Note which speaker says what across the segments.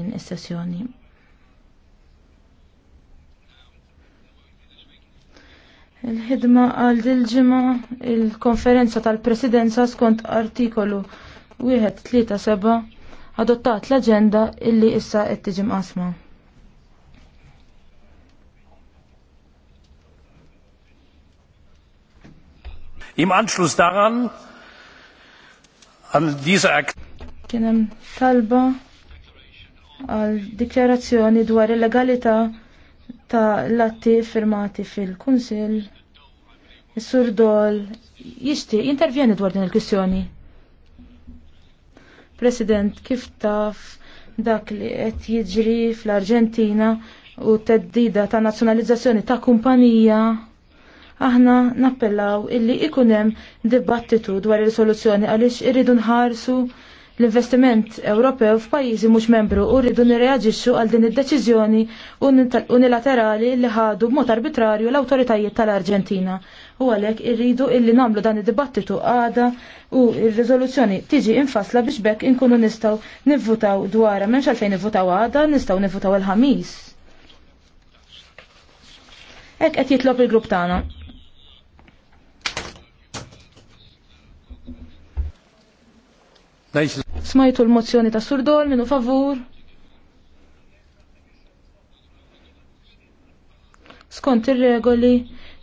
Speaker 1: din is-sessjoni. Il-ħidma għal dil-ġimgħa il-konferenza tal-Presidenza skont artikolu 137 adottat l-aġenda illi issa qed tiġi mqasma.
Speaker 2: Im Anschluss daran an dieser
Speaker 1: Kien hemm talba għal dikjarazzjoni dwar il-legalità ta' l-atti firmati fil-Kunsil. Is-Sur Dol jisti intervjeni dwar din il-kwistjoni. President, kif taf dak li qed jiġri fl-Arġentina u teddida ta' nazzjonalizzazzjoni ta' kumpanija aħna nappellaw illi ikun hemm dibattitu dwar il-soluzzjoni għaliex irridu nħarsu l-investiment Ewropew f'pajjiżi mhux membru u rridu nirreaġixxu għal din id-deċiżjoni unilaterali li ħadu b'mod arbitrarju l-awtoritajiet tal-Arġentina. U għalhekk irridu illi nagħmlu dan id-dibattitu għada u r-riżoluzzjoni tiġi infasla biex bekk inkunu nistgħu nivvutaw dwarha m'hemmx għalfejn nivvutaw għada, nistgħu nivvutaw il-ħamis. Hekk qed jitlob il-grupp tagħna. Nice. Smajtu l-mozzjoni ta' Surdol minu favur. Skont ir-regoli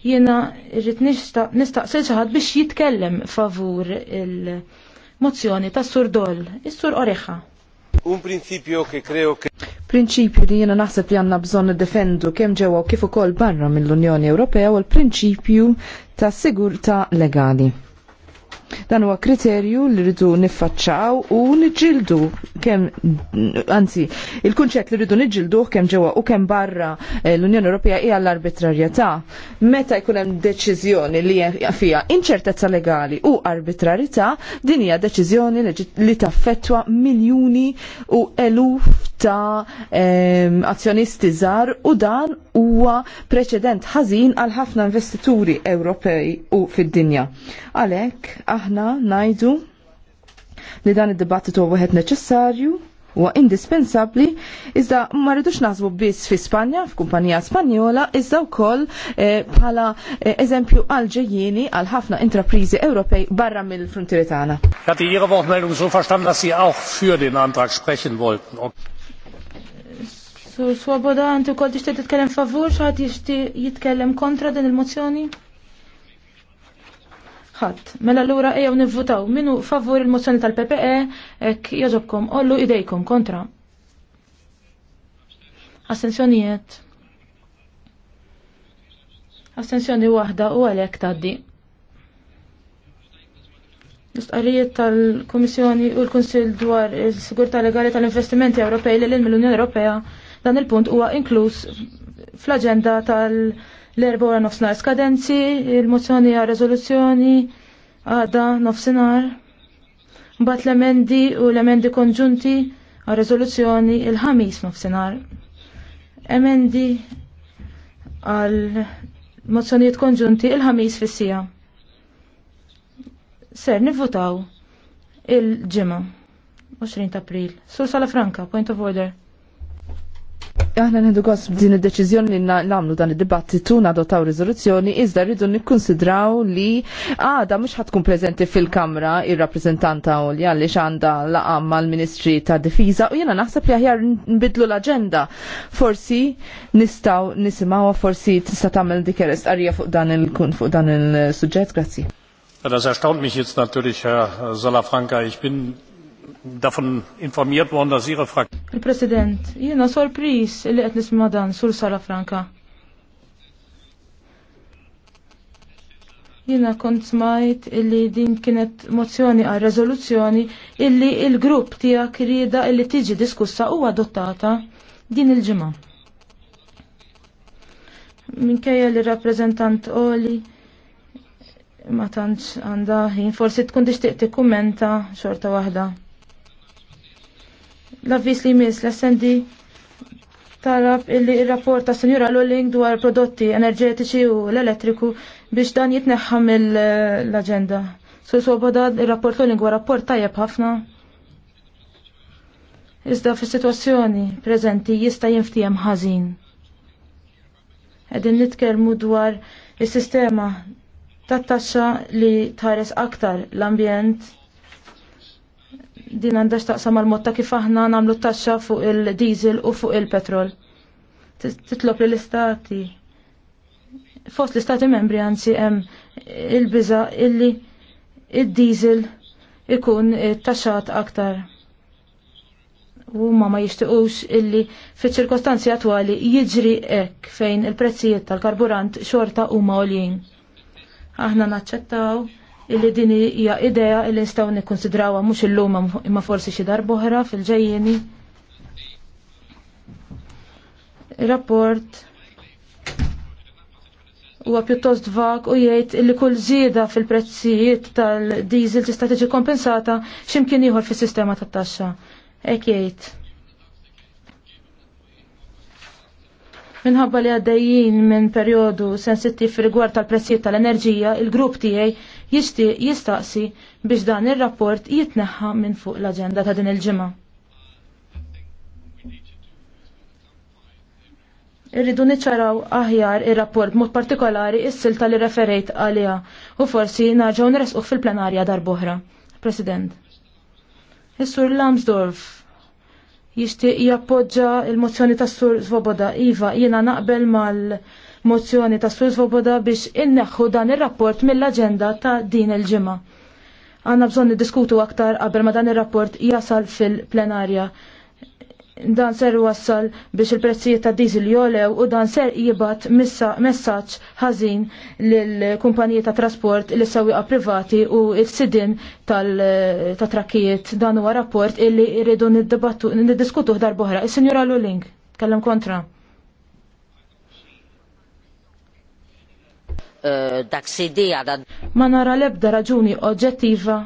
Speaker 1: jiena irrid nistaqsil xi biex jitkellem favur il-mozzjoni
Speaker 3: ta' Surdol, is-Sur Oreħa.
Speaker 1: Un prinċipju ke kreo
Speaker 3: ke prinċipju li jiena naħseb li għanna bżon defendu kemm ġewwa kif ukoll barra mill-Unjoni Ewropea u l-prinċipju ta' sigurta legali. Dan huwa kriterju li rridu niffaċċaw u niġġildu kemm anzi, il-kunċett li rridu niġġildu kemm ġewwa u kemm barra eh, l-Unjoni Ewropea hija l-arbitrarjetà. Meta jkun hemm deċiżjoni li fiha inċertezza legali u arbitrarjetà, din hija deċiżjoni li taffettwa miljuni u eluf ta' eh, azzjonisti żgħar u dan huwa preċedent ħażin għal ħafna investituri Ewropej u fid-dinja. Għalhekk aħna ngħidu li dan id-dibattitu huwa wieħed neċessarju huwa indispensabbli iżda ma rridux naħsbu biss fi Spanja, f'kumpanija Spanjola, iżda wkoll eh, bħala eh, eżempju għal ġejjieni għal ħafna intrapriżi Ewropej barra mill-frontieri tagħna.
Speaker 2: die Ihre Wortmeldung so verstanden, dass Sie auch für den Antrag sprechen wollten.
Speaker 1: Sur Swoboda, inti wkoll tishtet titkellem favur xi jishti jitkellem kontra din il-mozzjoni? Ħadd, mela allura ejaw nivvutaw minu favur il-mozzjoni tal-PPE hekk jogħġobkom ollu idejkom kontra. Assenzjonijiet Astenzjoni waħda u għalhekk taddi. L-istqarrijiet tal-Komissjoni u l-Konsil dwar il-Sigurta Legali tal-Investimenti Ewropej li l-Unjoni Ewropea Dan il-punt huwa inkluż fl-aġenda tal-erba ora nofsinhar skadenzi, il-mozzjoni għal rezoluzzjoni għada nofsinhar. Mbagħad l-emendi u l-emendi konġunti għal rezoluzzjoni il-ħamis nofsinhar. Emendi għal mozzjonijiet konġunti il-ħamis fis-sija. Ser nivvutaw il-ġimgħa 20 ta' April. Sur Sala Franka, point of order.
Speaker 3: Aħna nħedu għos din id-deċizjoni li namlu dan id-dibattitu nadotaw rizoluzzjoni, iżda rridu nikkonsidraw li għada mux ħatkun prezenti fil-kamra il-rappresentanta u li għalli xanda laqam mal-Ministri ta' Difiza u jena naħseb li aħjar nbidlu l-agenda. Forsi nistaw nisimaw, forsi tista' tagħmel dikerest arja fuq dan il-kun fuq dan il-suġġett, grazzi.
Speaker 2: Das erstaunt mich jetzt natürlich, Herr Salafranca. Ich bin davon informiert worden, dass Ihre Fraktion.
Speaker 3: Il-President,
Speaker 1: jiena sorpris li qed nisma' dan sur Sala Franka. Jiena kont smajt illi din kienet mozzjoni għal rezoluzzjoni illi il-grupp tija krida illi tiġi diskussa u adottata din il-ġimgħa. Minkejja li rappreżentant Oli ma tantx għandha ħin forsi tkun tixtieq tikkummenta xorta waħda l-avvis li jmiss l-SND tarab illi il-rapport ta' Senjura Lulling dwar prodotti enerġetiċi u l-elettriku biex dan jitneħħa mill-agenda. Sur Swoboda il-rapport Lulling huwa rapport tajjeb ħafna. Iżda fis situazzjoni preżenti jista' jinftijem ħażin. Qegħdin nitkellmu dwar is-sistema tat-taxxa li tħares aktar l-ambjent din għandha taqsam għal motta kif aħna nagħmlu taxxa fuq il-diesel u fuq il-petrol. Titlob li l-istati. Fost l-istati membri anzi hemm il-biża illi id-diesel ikun taxxat aktar. U ma ma jixtiqux illi fit ċirkostanzi attwali jiġri hekk fejn il-prezzijiet tal-karburant xorta huma għoljin. Aħna naċċettaw illi din hija idea illi nistgħu nikkonsidrawha mhux illum imma forsi xi darb'oħra fil-ġejjeni. Il-rapport huwa pjuttost vak u jgħid li kull żieda fil-prezzijiet tal-diesel tista' tiġi kompensata x'imkien ieħor fis-sistema tat-taxxa. Hekk jgħid. Minħabba li għaddejjin minn perjodu sensittiv rigward tal-prezzijiet tal-enerġija, il-grupp tiegħi jistaqsi biex dan ir-rapport jitneħħa minn fuq l-aġenda ta' din il-ġimgħa. Irridu niċċaraw aħjar ir-rapport mod partikolari is-silta tal referejt għaliha u forsi narġgħu nresquh fil-plenarja darb'oħra. President. Is-Sur Lamsdorf jixtieq jappoġġa il-mozzjoni tas Sur Svoboda. Iva, jiena naqbel mal-mozzjoni ta' Sur Svoboda biex inneħħu dan ir-rapport mill-aġenda ta' din il-ġimgħa. Għanna bżonn diskutu aktar qabel ma dan ir-rapport jasal fil-plenarja dan ser wassal biex il-prezzijiet ta' diesel jolew u dan ser jibat messaċ ħażin lill-kumpaniji ta' trasport li sewwieqa privati u il sidin ta' trakkijiet dan huwa rapport illi rridu niddiskutuh darb'oħra. is sinjora Luling, kellem kontra. Eh, Ma nara l-ebda raġuni oġġettiva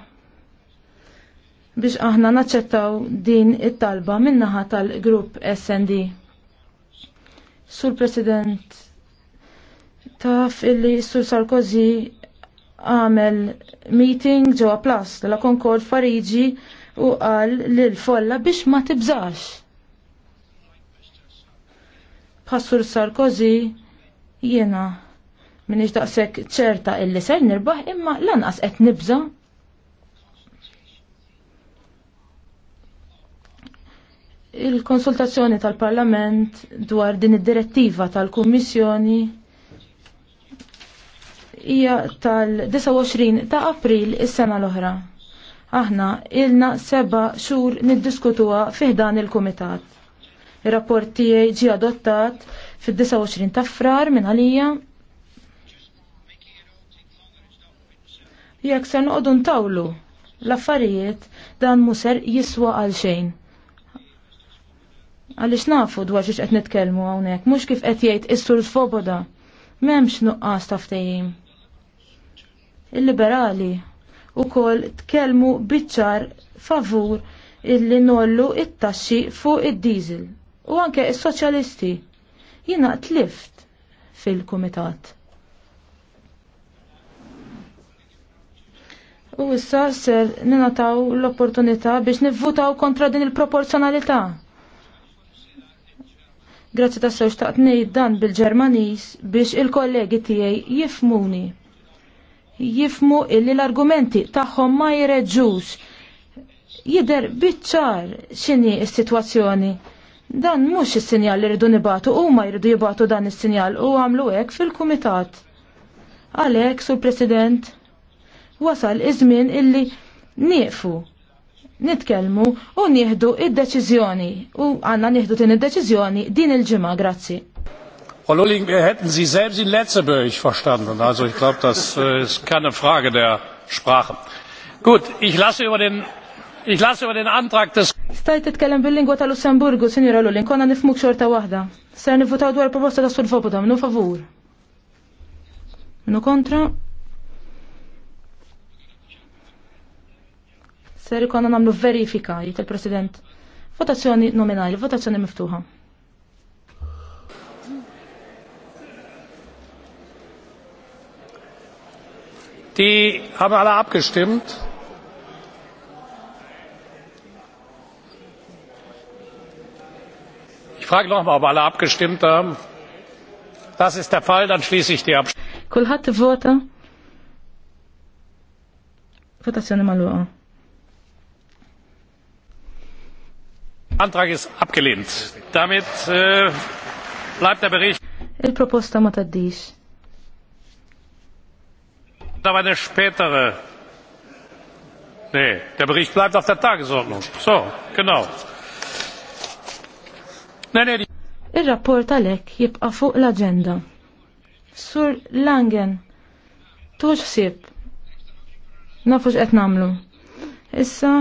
Speaker 1: biex aħna naċċettaw din it-talba minnaħa tal-grupp SD. Sur President, taf illi Sur Sarkozy għamel meeting ġewwa Plas la Concord Fariġi u qal lil folla biex ma tibżax. Passur Sarkozy jiena minix daqshekk ċerta illi ser nirbaħ imma lanqas qed nibża' il-konsultazzjoni tal-Parlament dwar din id-direttiva tal-Kummissjoni hija tal-29 ta' April is-sena l-oħra. Aħna ilna seba xhur niddiskutuha fiħdan il-Kumitat. Ir-rapport tiegħi ġie adottat fid-29 ta' frar minn għalija. Jekk se noqogħdu ntawlu l-affarijiet dan muser jiswa għal xejn. Għaliex nafu dwar xiex qed nitkellmu hawnhekk, mhux kif qed jgħid is l Svoboda. M'hemmx nuqqas taftajim. Il-liberali kol tkellmu bitċar favur illi nollu it-taxxi fuq id dizil U anke is-soċjalisti jiena tlift fil-kumitat. U issa ser ninataw l-opportunità biex nivvutaw kontra din il-proporzjonalità. Grazzi ta' sew xtaqt ngħid dan bil-Ġermaniż biex il-kollegi tiegħi jifmuni. Jifmu illi l-argumenti tagħhom ma jreġġux. Jider biċċar x'inhi s-sitwazzjoni. Dan mhux is-sinjal li rridu nibatu huma jridu jibatu dan is-sinjal u għamlu hekk fil-kumitat. Għalhekk, sur President, wasal iż-żmien illi nieqfu nitkelmu u nieħdu id-deċiżjoni u għanna nieħdu din id-deċiżjoni din il-ġimgħa, grazzi.
Speaker 2: Frau hätten Sie selbst in Letzeburg verstanden. Also ich glaube, das äh, ist keine Frage der Sprache. Gut, ich lasse über den, ich lasse über den Antrag des...
Speaker 1: Stajt titkellem bil-lingwa ta' Lussemburgu, Sinjora Lulling, konna nifmuk xorta wahda. Ser nivutaw dwar proposta ta' sul-fobu da' minu favur. Minu kontra? Ser ikonna namlu verifika, jgħid il-President. Votazzjoni nominali, votazzjoni miftuħa.
Speaker 2: Die haben alle abgestimmt. Ich frage noch mal, ob alle abgestimmt haben. Das ist der Fall, dann schließe ich die Abstimmung.
Speaker 1: Kulħat vota. Votazzjoni maluqa.
Speaker 2: Antrag ist abgelehnt. Damit äh, bleibt der Bericht.
Speaker 1: Il-proposta ma taddix.
Speaker 2: Da war eine spätere. Nee, der Bericht bleibt auf der Tagesordnung. So, genau. Nee, nee,
Speaker 1: Il-rapport għalek jibqa fuq l-agenda. Sur Langen, tuġ sib. Nafux etnamlu. Issa,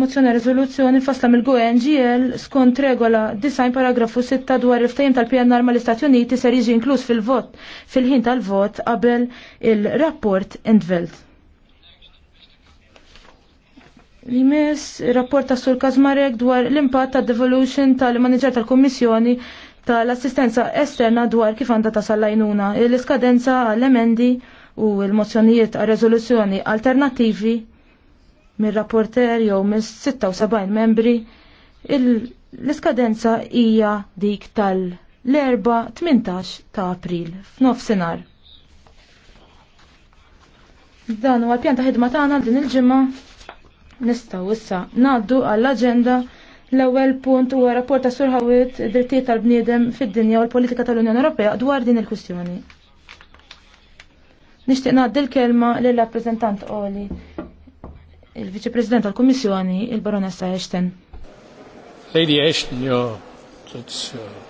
Speaker 1: Mozzjoni rezoluzzjoni fasla mill GNGL skont regola design paragrafu 6 dwar il-ftajim tal-PNR ma l-Istati Uniti ser jiġi inkluż fil-vot fil-ħin tal-vot qabel il-rapport endvelt L-imes rapport ta' Sur Kazmarek dwar l-impatt ta' devolution tal-manager tal-Kommissjoni tal-assistenza esterna dwar kif għandha tasal lajnuna, l-iskadenza għall-emendi u l-mozzjonijiet għal rezoluzzjoni alternativi mir-rapporter jew minn 76 membri l-iskadenza hija dik tal-4 18 ta' April f'nofsinhar. Dan huwa l-pjan ta' ħidma tagħna din il-ġimgħa nistgħu issa ngħaddu għall-aġenda L-ewwel punt huwa rapport ta' Sur Ħawit drittijiet tal-bniedem fid-dinja u l-politika tal-Unjoni Ewropea dwar din il-kwistjoni. Nixtieq ngħaddi l-kelma lill-rappreżentant Oli il-Viċi President tal kommissjoni il-Baronessa Ashton. Lady Ashton, jo,